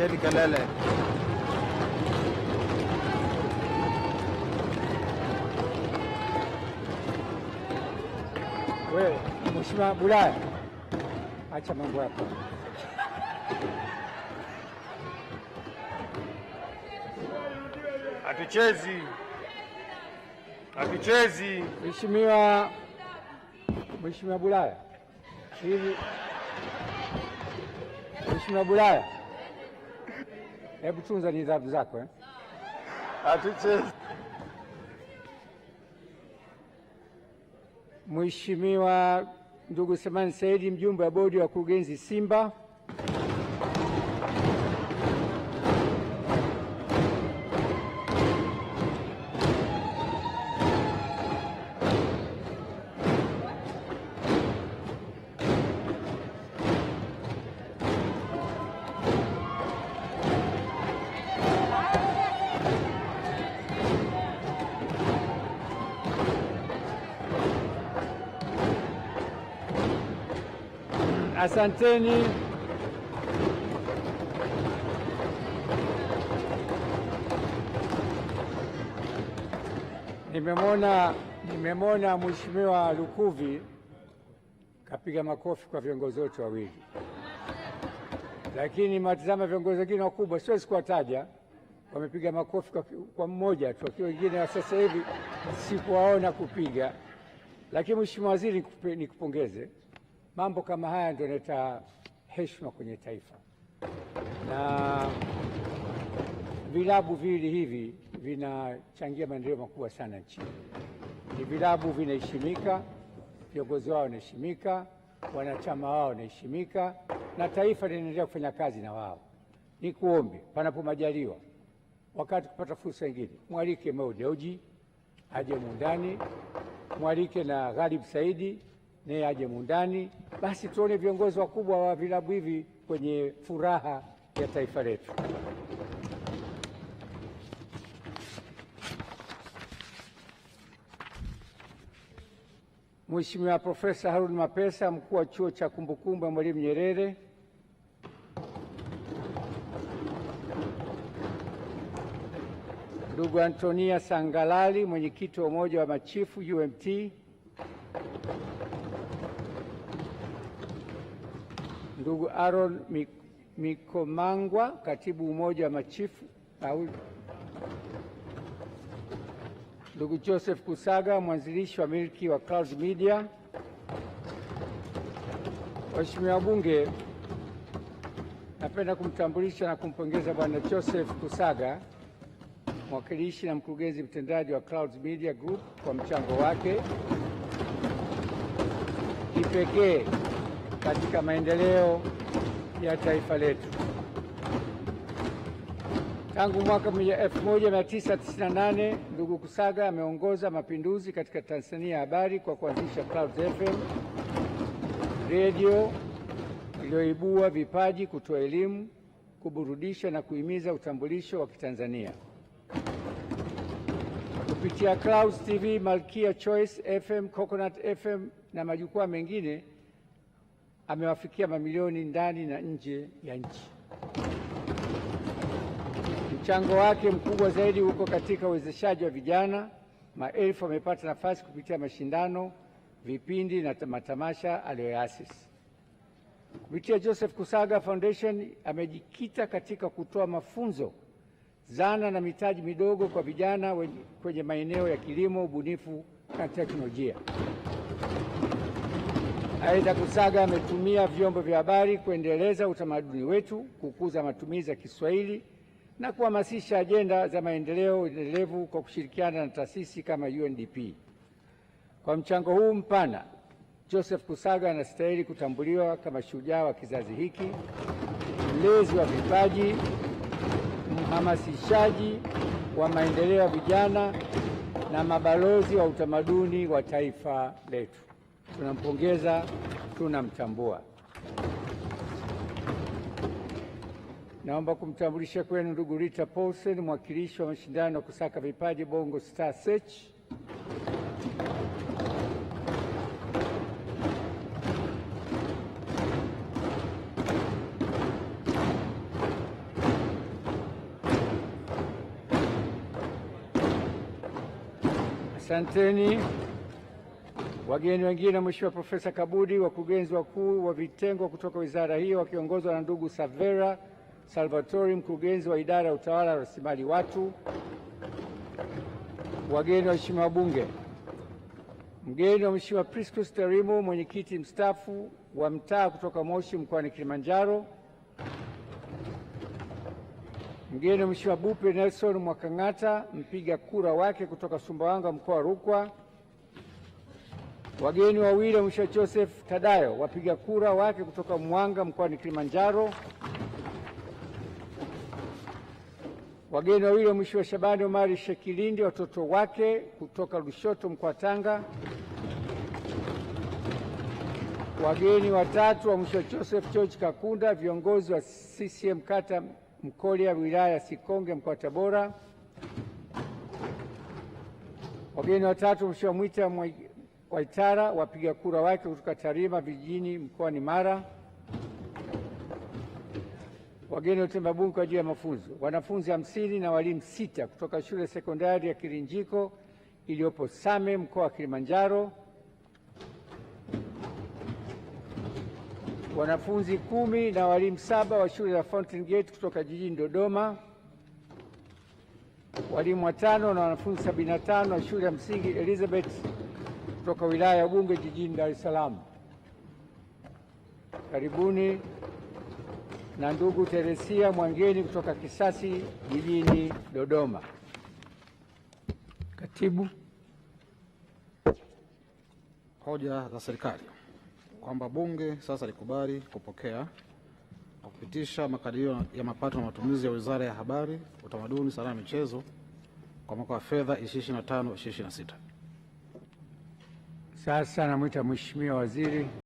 Acheni kelele. Wewe Mheshimiwa Bulaya, acha mambo yako. Hatuchezi, hatuchezi. Mheshimiwa Mheshimiwa Bulaya, hivi Mheshimiwa Bulaya Hebu tunza nidhamu zako eh? Hatuchezi. Mheshimiwa ndugu Selemani Saidi, mjumbe wa bodi ya wakurugenzi Simba. Asanteni. Nimemwona nimemwona Mheshimiwa Lukuvi kapiga makofi kwa viongozi wote wawili, lakini nimetazama viongozi wengine wakubwa, siwezi kuwataja, wamepiga makofi kwa, kwa mmoja tu, wakiwa wengine wa sasa hivi sikuwaona kupiga. Lakini Mheshimiwa Waziri, nikupongeze Mambo kama haya ndio yanaleta heshima kwenye taifa, na vilabu viwili hivi vinachangia maendeleo makubwa sana nchini. Ni vilabu vinaheshimika, viongozi wao wanaheshimika, wanachama wao wanaheshimika, na taifa linaendelea kufanya kazi na wao. Ni kuombe panapo majaliwa, wakati kupata fursa nyingine, mwalike Mo Dewji aje Muungani, mwalike na Ghalib Saidi naye aje mundani, basi tuone viongozi wakubwa wa vilabu hivi kwenye furaha ya taifa letu. Mheshimiwa Profesa Harun Mapesa, mkuu wa chuo cha kumbukumbu ya Mwalimu Nyerere, ndugu Antonia Sangalali, mwenyekiti wa umoja wa machifu UMT, ndugu Aaron Mikomangwa, katibu umoja wa machifu au ndugu Joseph Kusaga, mwanzilishi wa milki wa Clouds Media. Waheshimiwa wabunge, napenda kumtambulisha na kumpongeza Bwana Joseph Kusaga, mwakilishi na mkurugenzi mtendaji wa Clouds Media Group kwa mchango wake kipekee katika maendeleo ya taifa letu. Tangu mwaka 1998 ndugu Kusaga ameongoza mapinduzi katika Tanzania ya habari kwa kuanzisha Clouds FM, redio iliyoibua vipaji, kutoa elimu, kuburudisha na kuhimiza utambulisho wa Kitanzania. Kupitia Clouds TV, Malkia Choice FM, Coconut FM na majukwaa mengine amewafikia mamilioni ndani na nje ya nchi. Mchango wake mkubwa zaidi uko katika uwezeshaji wa vijana. Maelfu wamepata nafasi kupitia mashindano, vipindi na matamasha aliyoyaasisi. Kupitia Joseph Kusaga Foundation amejikita katika kutoa mafunzo, zana na mitaji midogo kwa vijana kwenye maeneo ya kilimo, ubunifu na teknolojia. Aidha, Kusaga ametumia vyombo vya habari kuendeleza utamaduni wetu, kukuza matumizi ya Kiswahili na kuhamasisha ajenda za maendeleo endelevu kwa kushirikiana na taasisi kama UNDP. Kwa mchango huu mpana, Joseph Kusaga anastahili kutambuliwa kama shujaa wa kizazi hiki, mlezi wa vipaji, mhamasishaji wa maendeleo ya vijana na mabalozi wa utamaduni wa taifa letu tunampongeza, tunamtambua. Naomba kumtambulisha kwenu ndugu Rita Paulsen, mwakilishi wa mashindano ya kusaka vipaji Bongo Star Search. Asanteni. Wageni wengine, Mheshimiwa Profesa Kabudi, wakurugenzi wakuu wa vitengo kutoka wizara hiyo wakiongozwa na ndugu Savera Salvatori, mkurugenzi wa idara ya utawala wa rasilimali watu, wageni waheshimiwa wabunge, mgeni wa Mheshimiwa Priscus Tarimo, mwenyekiti mstaafu wa mtaa kutoka Moshi mkoani Kilimanjaro, mgeni wa Mheshimiwa Bupe Nelson Mwakang'ata, mpiga kura wake kutoka Sumbawanga mkoa wa Rukwa Wageni wawili Mheshimiwa Joseph Tadayo, wapiga kura wake kutoka Mwanga mkoani Kilimanjaro. Wageni wawili Mheshimiwa Shabani Omari Shekilindi, watoto wake kutoka Lushoto mkoa wa Tanga. Wageni watatu wa Mheshimiwa Joseph George Kakunda, viongozi wa CCM kata Mkolya, wilaya ya Sikonge mkoa wa Tabora. Wageni watatu Mheshimiwa Mwita Waitara wapiga kura wake kutoka Tarima vijijini mkoani Mara. Wageni wote mabunge kwa ajili ya mafunzo, wanafunzi hamsini na walimu sita kutoka shule sekondari ya Kirinjiko iliyopo Same mkoa wa Kilimanjaro, wanafunzi kumi na walimu saba wa shule ya Fountain Gate kutoka jijini Dodoma, walimu watano na wanafunzi 75 wa shule ya msingi Elizabeth kutoka wilaya ya bunge jijini Dar es Salaam. Karibuni na ndugu Teresia Mwangeni kutoka Kisasi jijini Dodoma. Katibu, hoja za serikali kwamba bunge sasa likubali kupokea na kupitisha makadirio ya mapato na matumizi ya Wizara ya Habari, Utamaduni, Sanaa na Michezo kwa mwaka wa fedha 2025 26. Sasa namwita Mheshimiwa Waziri.